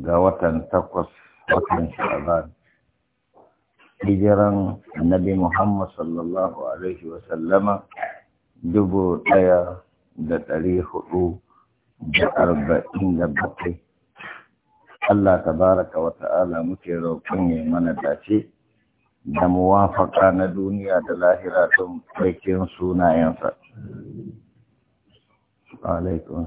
ga watan takwas watan sha'ban hijiran annabi muhammad sallallahu alaihi wasallama dubu daya da dari hudu da arba'in da bakwai Allah tabaraka wa ta'ala muke roƙon ya mana dace da muwafaka na duniya da lahira don aikin sunayensa. Alaikun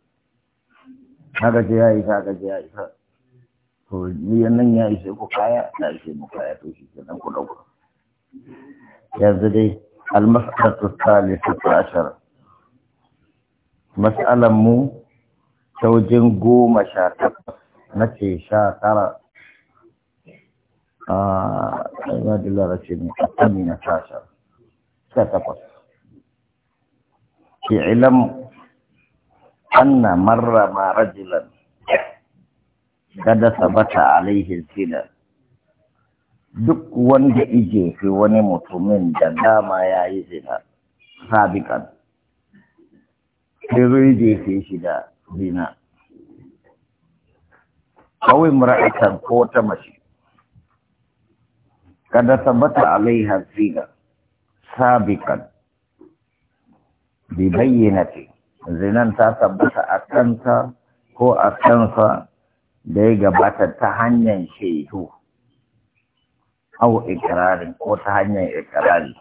haka ce ya isa haka ce ya isa to biyan nan ya ishe ku kaya na ishe mu kaya to shi kenan ku dauka yanzu dai almas'alatu thalithatu ashar mas'alan mu ta wajen goma sha takwas na ce sha tara a ƙarfi da larace ne a tsamina sha sha takwas ke ilam anna marra ma rajulan kada sabata alaihi duk wanda ije fi wani mutumin da dama ya yi zina sabikan sai zai fi shi da zina kawai mura'atar ko ta mace kada sabata alaihi zina sabikan bi bayyana ce zinan ta tabbata a kanta ko a kansa da ya gabata ta hanyar shehu au ikirarin ko ta hanyar ikirari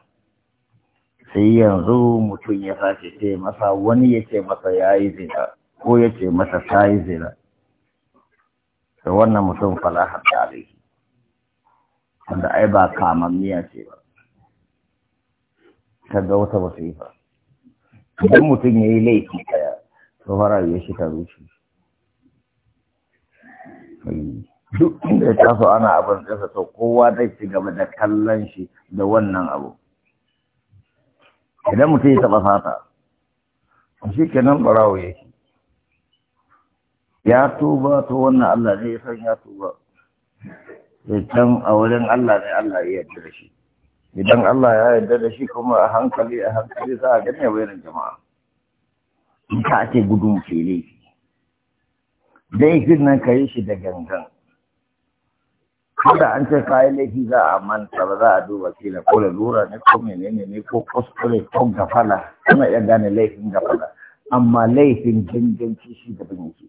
sai yanzu mutum ya sace ce masa wani ya ce masa ya yi zina ko ya ce masa ta yi zina da wannan mutum falahar tarihi wanda ai ba miya ce ba ta ga wata wasifa idan mutum ya yi laifi kaya, to fara ya shi ta rushe duk inda ya taso ana abin tsasa to kowa zai ci gaba da kallon shi da wannan abu idan mutum ya taɓa a shi kenan ɓarawo yake ya tuba to wannan Allah ne ya san ya tuba Ya can a wurin Allah ne Allah ya yadda da shi idan Allah ya yarda da shi kuma a hankali a hankali za a gane wayar jama'a in ka ake gudun ke laifi laifin nan kai shi da gangan kada an ce kai laifi za a manta ba za a duba kila ko lura ne ko menene ne ko kuskure ko gafala kana iya gane laifin gafala amma laifin ganganci shi da bin yake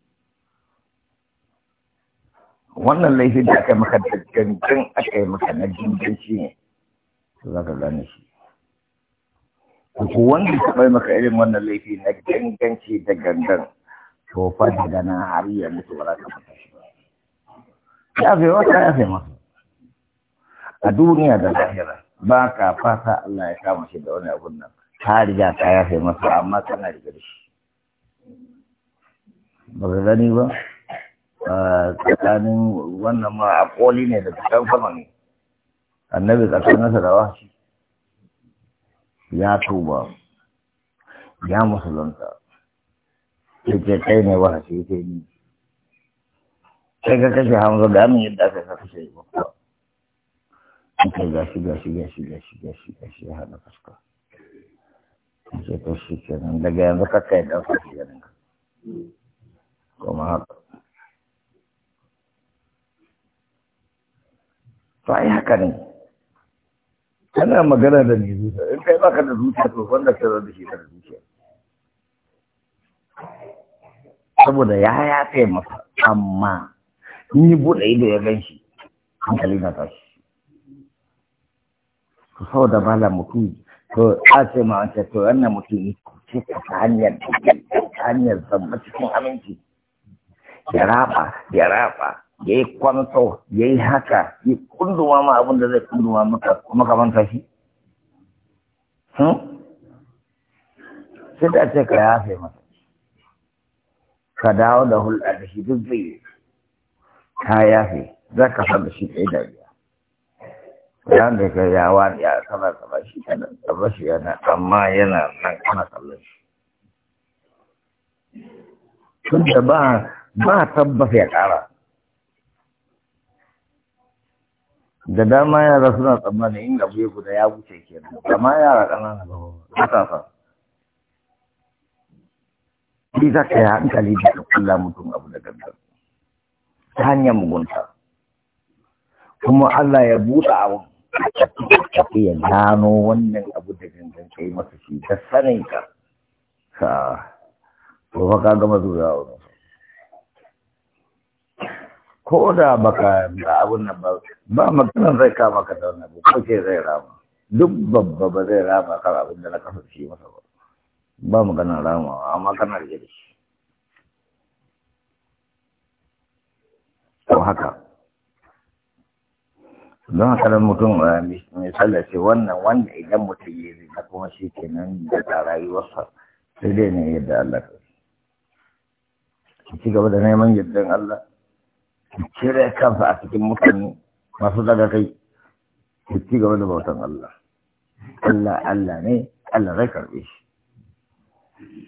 wannan laifin da aka maka da gangan aka maka na shi ne za ka gane shi ku wanda ta bai maka irin wannan laifi na ganganci da gangan to fa daga nan har ya mutu ba za ka fita shi ba ya fi wata ya fi masu a duniya da lahira ba ka fasa Allah ya kama shi da wani abun nan ta riga ta ya fi masu amma tana riga da shi ba ka gani ba tsakanin wannan ma a koli ne da kan sama ne annabi tsakaninsa da wa? ya tuba ya musulunta ce kai ne shi yake ni sai ka kashe hamza da amin yadda aka sa kashe babba kai ga shi, ga shi, ga shi, ya hada fuska ce ta shi nan daga yanzu ka kai dan fashi ganin ka kuma haka to ai haka ne kana magana da mai zuciya in kai baka da zuciya to wanda ka da shi da zuciya saboda ya yafe masa amma in yi buɗe ido ya gan shi hankali na tashi to saboda ba la mutum to a ce ma an ce to wannan mutum ya kuce ta hanyar ta hanyar zamba cikin aminci ya raba ya raba ya yi kwanto ya yi haka ya kunduma ma abin da zai kunduma maka makamanta shi hmm? sai da ce ka yafe masa ka dawo da hulɗa da shi duk zai yi ka yafe za ka da shi ɗaya dariya ya da ka yawa ya a kana kama shi kana kama shi yana amma yana nan kana kallon shi tun da ba ba tabbas ya ƙara da dama yara suna tsammani in abu ya guda ya wuce nan amma yara ƙanana ba matasa shi za ka yi hankali da ka kula mutum abu da gaggar ta hanyar mugunta kuma Allah ya buɗe abu ka ya gano wannan abu da gangan kai masa shi da sanin ka ka to ka gama zuwa wani ko da baka da abun nan ba ba maganar zai kama ka da wannan ko ke zai rama duk babba ba zai rama ka abin da na shi masa ba ba maganar rama amma kana da shi Ko haka don haka da mutum eh, misali ce wannan wanda idan mutum ya yi na kuma shi ke nan da rayuwarsa sai dai ne yadda Allah ka ci gaba da neman yardan Allah cire kansa a cikin mutane masu daga kai ya ci gaba da bautan Allah Allah Allah ne Allah zai karbe shi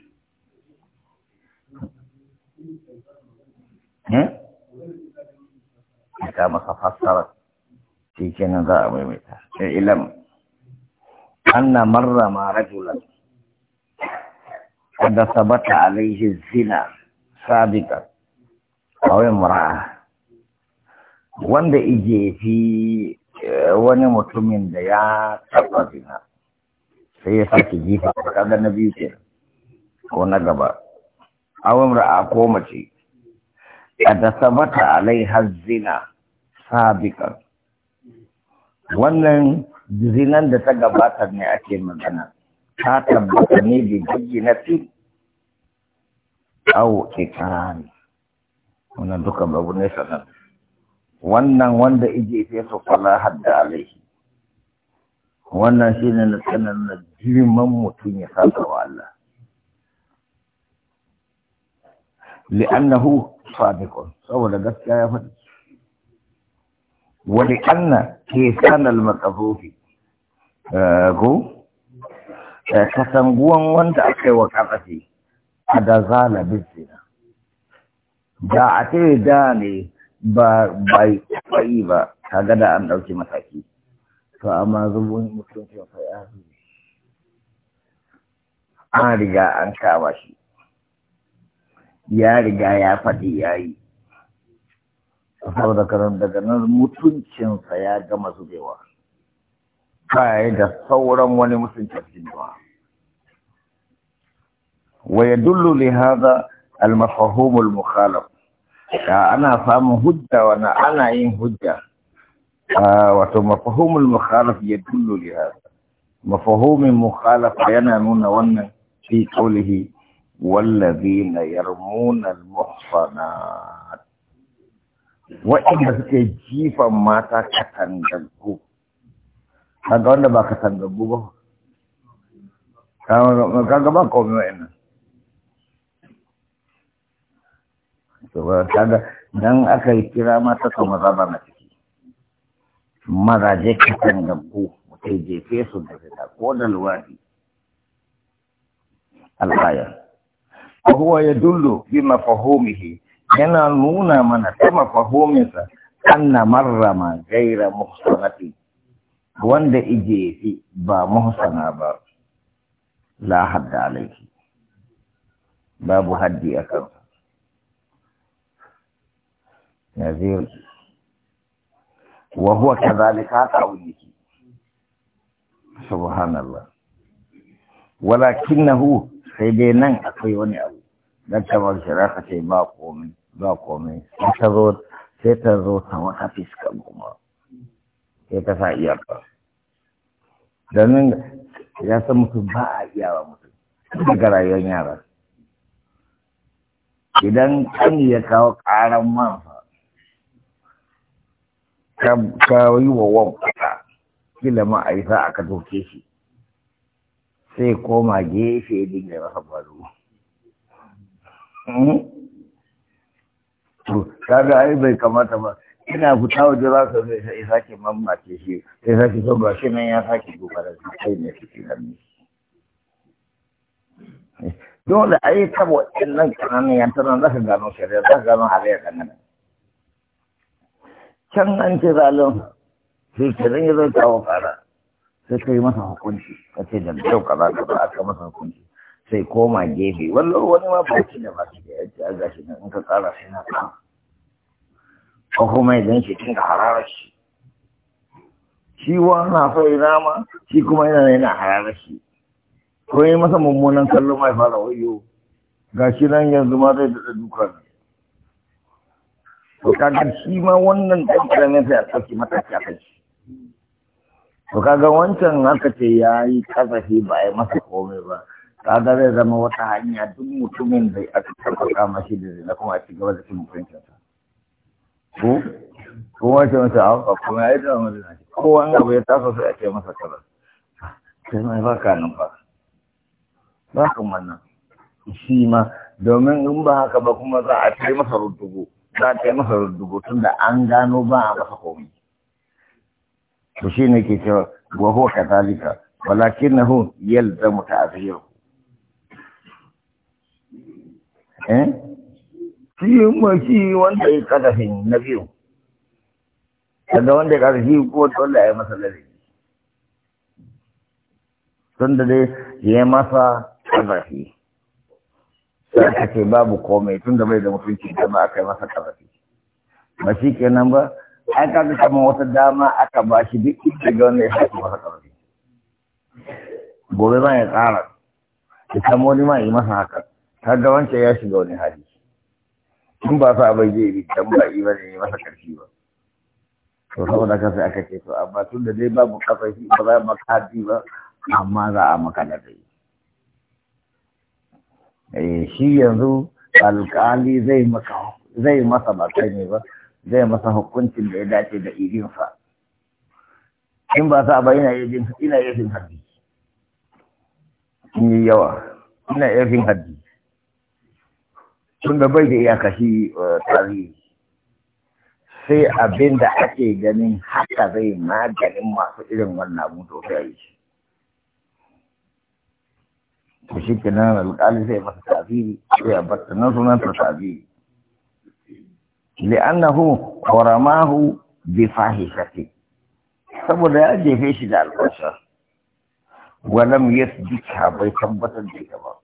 ya kama ka fassara shi kenan za a maimaita ya ilam anna marra ma rajulan قد ثبت عليه الزنا سابقا أو امرأة wanda ije fi eh, wani mutumin da ya taba zina sai ya sake jifa kaga na biyu ke ko na gaba awon ra'a ko mace da sabata alai har zina sabikan wannan zinan da ta gabatar ne ake magana ta tabbata ne bi bayyinati au ikrari wannan duka babu ne sanan wannan wanda ije ita su fala hadda alaihi wannan shi ne na tsanan na girman mutum ya saba wa Allah li'annahu sadiqun saboda gaskiya ya faɗi wa li'anna kisan al-maqafufi ko kasanguwan wanda aka yi wa kafafi a da zalabin zina da a ce da ne ba bai kwayi ba kaga da an ɗauki mataki to amma zubin mutuncin ya zubi an riga an kama shi ya riga ya faɗi ya yi saboda karon daga nan mutuncinsa ya gama zubewa kai da sauran wani mutuncin ba? wa yadullu li hadha al-mafhum al-mukhalaf ana samun hujja wani ana yin hujja ah, wato mafahumin mukhalaf ya dullu li hada mafahumin mukhalaf yana nuna wannan fi qawlihi na yarmuna almuhsanat wa'inda suke jifan mata katangaggu kaga wanda ba katangaggu ba kaga ba komai wa'innan to ba dan aka yi kira mata ta kuma zaba na ciki mazaje ka kan gabu mutai jefe su da fita ko da luwadi al'ayar وهو يدل بمفهومه yana nuna mana ta mafahominsa anna marrama gaira muhsanati wanda ijefi ba muhsana ba la hadda alaiki? babu haddi akan نذير وهو كذلك kadhalika سبحان الله subhanallah سيدنا sai dai nan akwai wani abu dan kamar shiraka ce ba komai ba sai ta zo sai ta sai ta sa ya san mutum ba a mutum daga rayuwar yara idan kan ya kawo karan mansa ka yi wa wan kwata kila ma a yi sa aka doke shi sai koma gefe ya dinga masa baro hmm? to ga ai bai kamata ba ina fita waje za su zai sai sake mamace shi sai sake so ba shi nan ya sake gobara shi kai ne shi ne dole ai kabo nan kananan yantaran za ka gano shari'a za ka gano halayyar kananan can an ce zalin sai ke zan yi zai kawo fara sai ka yi masa hukunci ka ce da kyau za ka aka masa hukunci sai koma gefe wallo wani ma ba baki da shi da yace a shi ne, in ka tsara sai na ka ko kuma idan shi kin hararar shi shi wani na so ina ma shi kuma yana yana hararar shi ko yi masa mummunan kallo mai fara wayo shi nan yanzu ma zai da duka ne to kaga shi ma wannan ɗan ƙaramin sai a ɗauki mataki a kai to kaga wancan haka ce ya yi kasafi ba a yi masa komai ba kaga zai zama wata hanya duk mutumin da aka tabbata mashi da zina kuma a ci gaba da cin sa. ko ko wancan a haka kuma ya yi da wani shi ko wani abu ya taso sai a ce masa kaza sai mai baka nan ba ba kan wannan shi ma domin in ba haka ba kuma za a ce masa rubutu za ta yi masa rubutun da an gano ba a masa komai to shi ne ke cewa wa huwa kadhalika walakinahu yalzamu ta'ziru eh shi ma shi wanda ya kadafin na biyu Kada wanda ya kadafi ko dole ya masa ladabi tunda dai ya masa kadafi sai aka ce babu komai tun da bai da mutunci ma aka yi masa karafi ba shi kenan ba an kaga kamar wata dama aka ba shi duk ga wanda ya masa karfi gobe ma ya tsara ya samu wani ma yi masa haka da wancan ya shiga wani hali tun ba sa bai zai yi dan ba yi ba ne masa karfi ba to saboda haka sai aka ce to amma tun da dai babu kafafi ba za maka hadi ba amma za a maka da dai Eh, shi yanzu alƙali zai masa ba kai ne ba zai masa hukuncin da ya dace da irinsa in ba sa ba ina yin hajji. yin haddi yi yawa ina yin haddi tun da bai da iya kashi eh, tarihi sai abin da ake ganin haka zai maganin masu irin wannan mutu. to sai yi to shi nan alƙali zai masa tafiri sai a batta nan sunan ta tafiri li'annahu qaramahu bi fahishati saboda ya jefe shi da albasa walam yasbika bai tabbatar da ita ba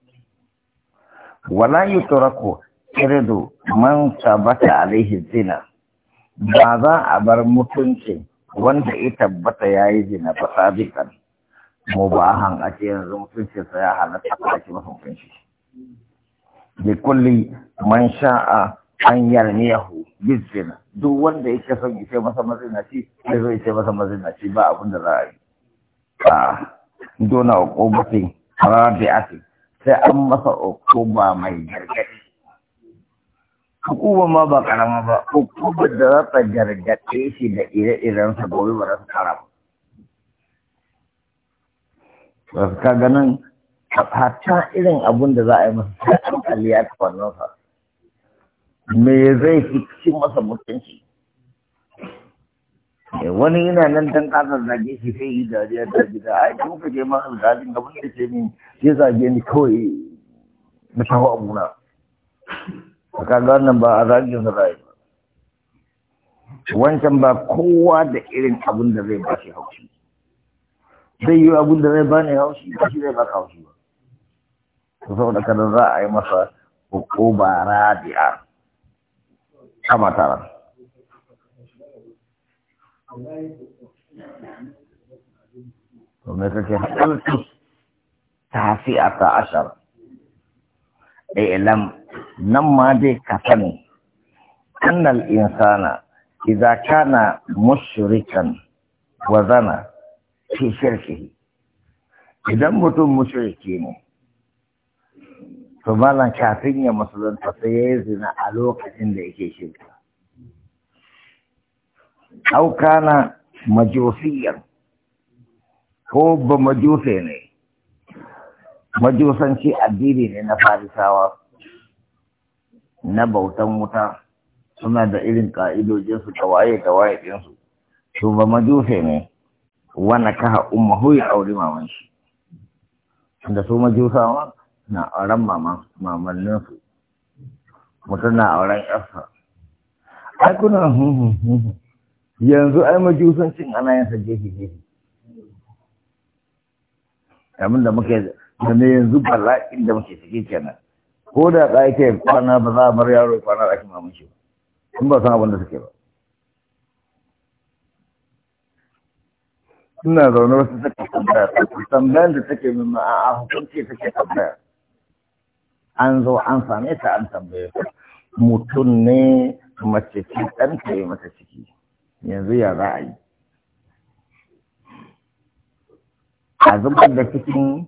wala yutraku irdu man sabata alaihi zina ba za a bar mutuncin wanda ya tabbata yayi zina ba sabiqan ba a ce yanzu mutunci sa ya halatta a ce masa shi bi kulli man sha'a an yarniyahu bizina duk wanda yake son ya ce masa shi, sai zai ce masa shi ba abin da za a yi a dona rabi ati sai an masa ukuba mai gargadi hukuma ma ba karama ba hukumar da za ta gargaɗe shi da ire-irensa gobe ba za su karama. ka ganin hatta irin abun da za a yi masa sai an kalli ya nasa me zai fi cikin masa mutunci eh, wani yana nan dan kasar zage shi sai yi dariya da gida ai kun ka je ma alƙalin gaban da ke min ya zage ni kawai na tawo abuna a ga wannan ba a zagin sa zai wancan ba kowa da irin abun da zai ba shi haushi دي ابو دري باني او شي شي ما كاو شي فوزو دكا دزا اي ما فا او بارا دي ار كما ترى ومثلك حلت تافي اتا عشر اعلم نما دي كتن ان الانسان اذا كان مشركا وزنا fi shirki idan mutum mushriki ne to malam kafin ya musulunta sai ya yi zina a lokacin da yake shirka na majusiyar ko ba majuse ne majusanci addini ne na farisawa na bautan wuta suna da irin ka'idojinsu da waye da waye ɗinsu to ba majuse ne wana kaha ummahu ya auri maman shi da su majusawa na auren mamanninsu mutum na auren yarsa ai kuna yanzu ai majusancin ana yin sa gefe gefe abin da muke da ne yanzu bala'in da muke ciki kenan ko da ka yi kwana ba za a bar yaro kwana a ɗakin mamanci in ba san abin da suke ba suna zaune wasu suka tambaya tambayar da take min ma a hukunci take tambaya an zo an same ta an tambaye ta mutum ne mace ce ta yi mata ciki yanzu ya za a yi a zubar da cikin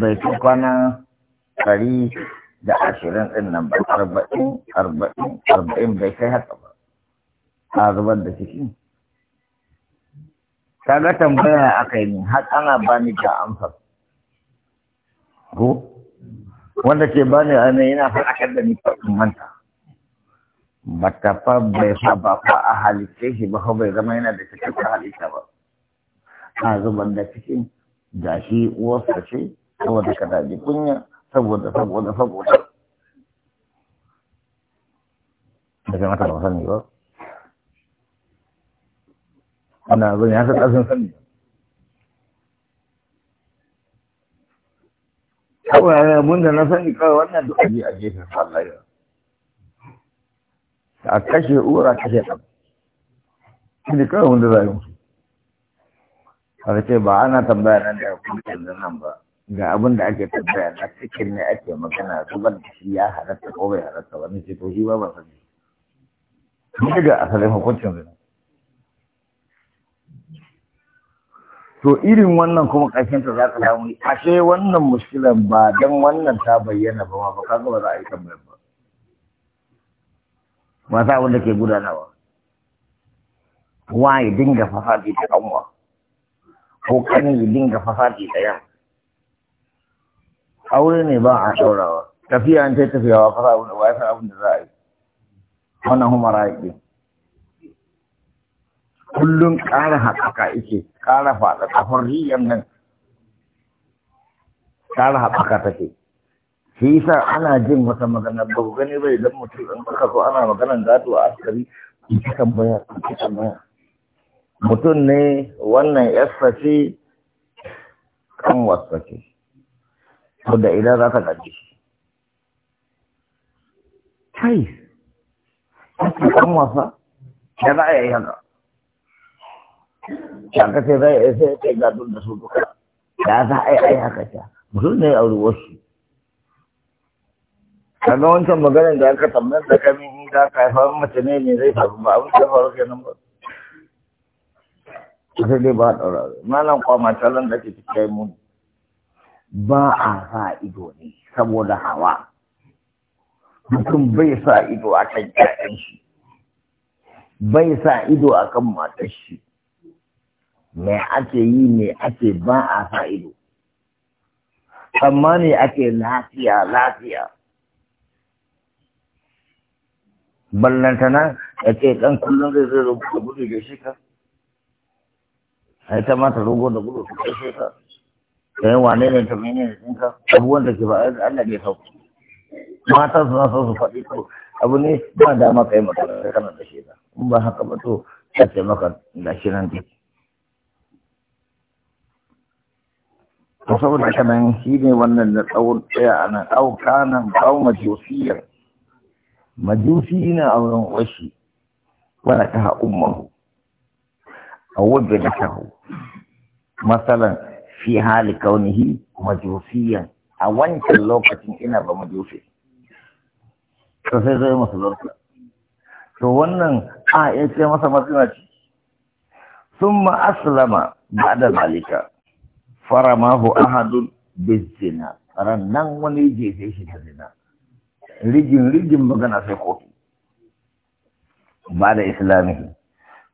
bai fi kwana ɗari da ashirin ɗin nan ba arba'in arba'in arba'in bai kai haka ba a zubar da cikin kaga tambaya aka yi min har ana bani ta amsa ko wanda ke bani a ne yana fara kar da ni kafin manta bata fa bai fa ba fa a halitta shi ba ko bai zama yana da cikakken halitta ba a zuban da cikin da shi uwarsa ce saboda ka daji kunya saboda saboda saboda da mata ba ne ba ana zan ya saka sun sani kawai eh, mun da na sani kawai wannan duk aje a gefen sallah ya a kashe ura kashe ɗan shi ne kawai wanda za yi musu a ce ba ana tambaya nan da kuɗin da nan ba ga abin da ake tambaya na cikin ne ake magana ban da shi ya halatta ko bai halatta wani ce to shi ba ba sani ni ga asalin hukuncin zina to irin wannan kuma ƙarshen ta za ka samu ashe wannan muskilan ba don wannan ta bayyana ba ma ba kaga ba za a yi tambayar ba ba sa wanda ke gudanawa wa ya dinga fasadi ta kanwa ko kanin ya dinga fasadi ta yan aure ne ba a shaurawa tafiya an ta tafiya wa fasa da ba ya san abin da za a yi wannan kuma ya kullum ƙara haƙaƙa ike ƙara faɗa kafin riyan nan ƙara haɓaka take shi yasa ana jin wata magana ba ku gani bai don mutum in aka so ana maganan gado a askari ki tambaya ki tambaya mutum ne wannan yasa ce kan wasa ce to da idan za ta gaji shi kai kan wasa ya za a yi haka shaka sai zai sai ya kai gadon da su duka da za a yi ai haka ta mutum ne a ruwarsu kaga wancan maganar da aka tambayar da kami in ka haifar mace ne ne zai faru ba abin da faru nan ba sai dai ba ɗaura malam kwa matsalan da ke cikin mun ba a sa ido ne saboda hawa mutum bai sa ido a kan ƴaƴan shi bai sa ido a kan matar shi me ake yi me ake ba a sa amma ne ake lafiya lafiya ballantana ya ce ɗan kullum zai zai rubu da gudu da shi ka ai ta mata rubu da gudu da shi ka yi wane ne ta mene ne ɗinka abubuwan da ke ba Allah ne sauki mata suna so su faɗi to abu ne ba dama kai magana kana da shi in ba haka ba to ta ce maka da shi nan take to saboda haka nan shi ne wannan da tsawon tsaya a nan ɗauka nan kawo majusiyar majusi ina auren washi wala ta mahu a wadda da shahu. matsalan fi hali kaunihi majusiyan a wancan lokacin ina ba majusi to sai zai masu to wannan a ya ce masa matsalaci sun ma aslama ba da zalika Fara faramahu ahadun bizina ran nan wani jefe shi da zina rigin rigin magana sai kotu ba da islamihi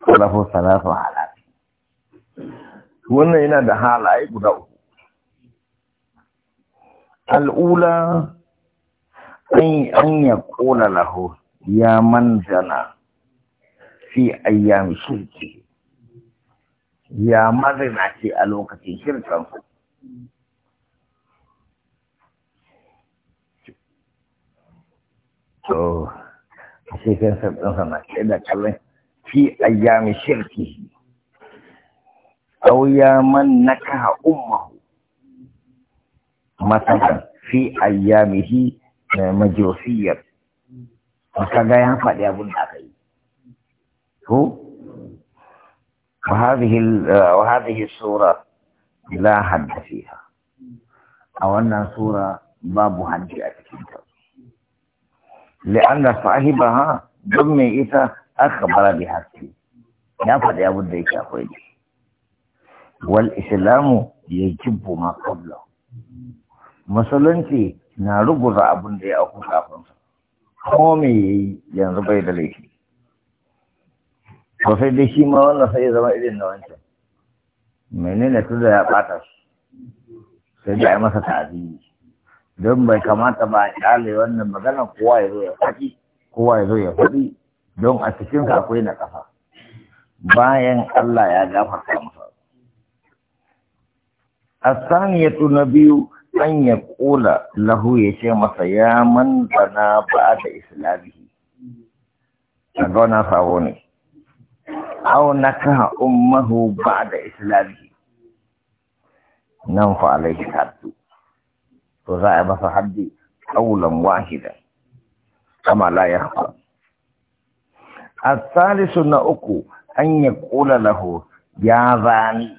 salafu salafu halafi wannan yana da halaye guda uku al'ula an ya kona lahu ya manzana fi ayyami shirki ya mazinaci a lokacin shirkansu to a cikin sabbin sana da kallon fi ayyami shirki auya man nakaha ummahu masalan fi ayyamihi majusiyar kaga ya faɗi abin da aka yi ko وهذه وهذه السورة لا حد فيها أو أنها سورة بابها جاءت في لأن صاحبها ضمن إذا أخبر بها يا فدي أبو الديك أخويني والإسلام يجب ما قبله مثلا في نارو قضاء أبو الديك أخوش أخوش قومي ينربي دليك to sai dai shi ma wannan sai ya zama irin na wancan menene tun da ya bata shi sai da ya masa ta'aziyyi don bai kamata ba a kyale wannan magana kowa ya zo ya faɗi kowa ya zo ya faɗi don a cikin akwai na ƙasa bayan Allah ya gafarta masa asaniyatu na biyu an ya kula. lahu ya ce masa ya manzana ba da islamihi a gona sabo ne أو نكه أمه بعد إسلامه ننفع عليه الحد وزائب فحدي قولا واحدا كما لا يخفى الثالث نأكو أن يقول له يا ذاني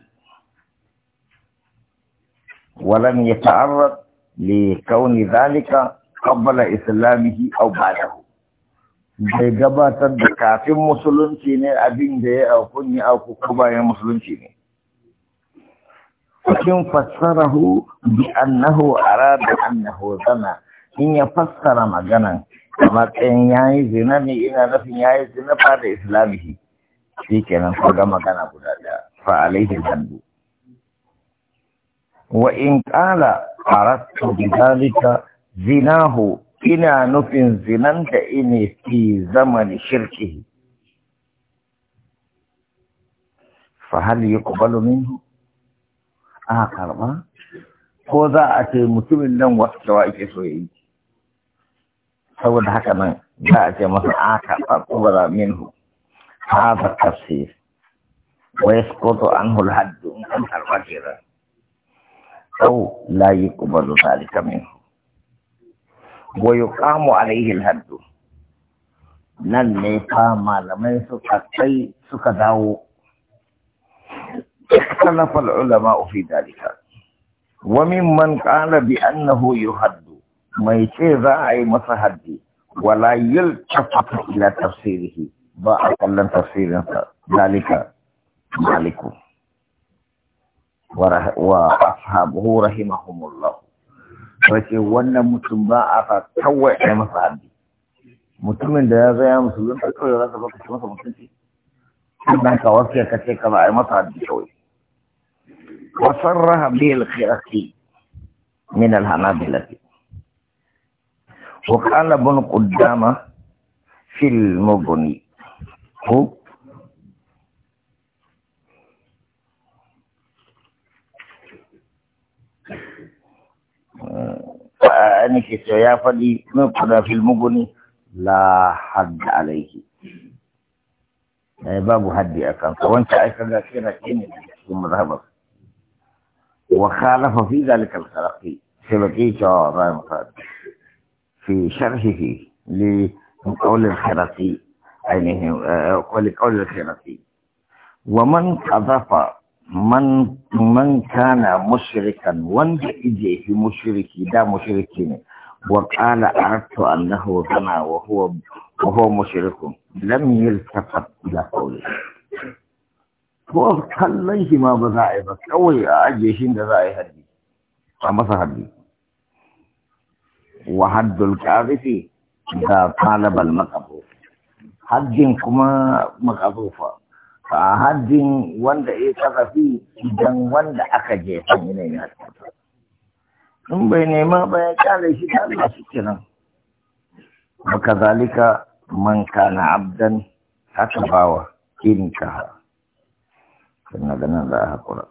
ولم يتعرض لكون ذلك قبل إسلامه أو بعده bai gabatar da kafin musulunci ne abin da ya aukun ya auku ko bayan musulunci ne cikin fassarahu bi annahu arada annahu zana in ya fassara maganan a matsayin yayi zina ne ina nufin yayi zina ba da islamihi shi kenan ko ga magana guda da fa alaihi zandu wa in ƙala aradtu bi zalika zinahu ina nufin zinanta ine fi zamani shirki fa hal yuqbalu minhu a karba ko za a ce mutumin nan wasu ake so yi saboda haka nan za a ce masa a karba ko za minhu a tafsir wa yasqutu anhu al-hadd in kan karba kira aw la yuqbalu zalika minhu ويقام عليه الهد نن nan على من malamai suka kai اختلف العلماء في ذلك وممن قال بأنه يهد ما يتيزا أي متهدي ولا يلتفت إلى تفسيره بأقل تفسير ذلك مالك وأصحابه رحمهم الله wace wannan mutum ba a fa kawai a masa haddi mutumin da ya zaya musulunta kawai za ka baka masa mutunci sannan ka wasu ka ce ka ba a masa haddi kawai wasarraha bil khirafi min al hanabilati وقال ابن قدامة في المغني هو فاني كيسو يا فدي نقدا في المغني لا حد عليه باب حد اكن وانت ايكا كنا كين ثم ذهب وخالف في ذلك الخلقي سبكي شعر في شرحه لقول الخرقي يعني آه، قول الخرقي ومن اضاف man man kana mushrikan wanda ije shi mushriki da mushriki ne wa qala aratu annahu kana wa huwa wa huwa mushriku lam ila qawli ko kallon shi ma ba za a yi ba kawai a ajiye shi da za a yi haddi a masa haddi wa haddul qarifi da talabal maqabuf haddin kuma maqabufa a haddin wanda ya kasafi idan wanda aka jefa yana yi haskata in bai nema ba ya kyale shi ta Allah shi kenan baka zalika man kana abdan haka bawa irin ka sannan ganin za a haƙura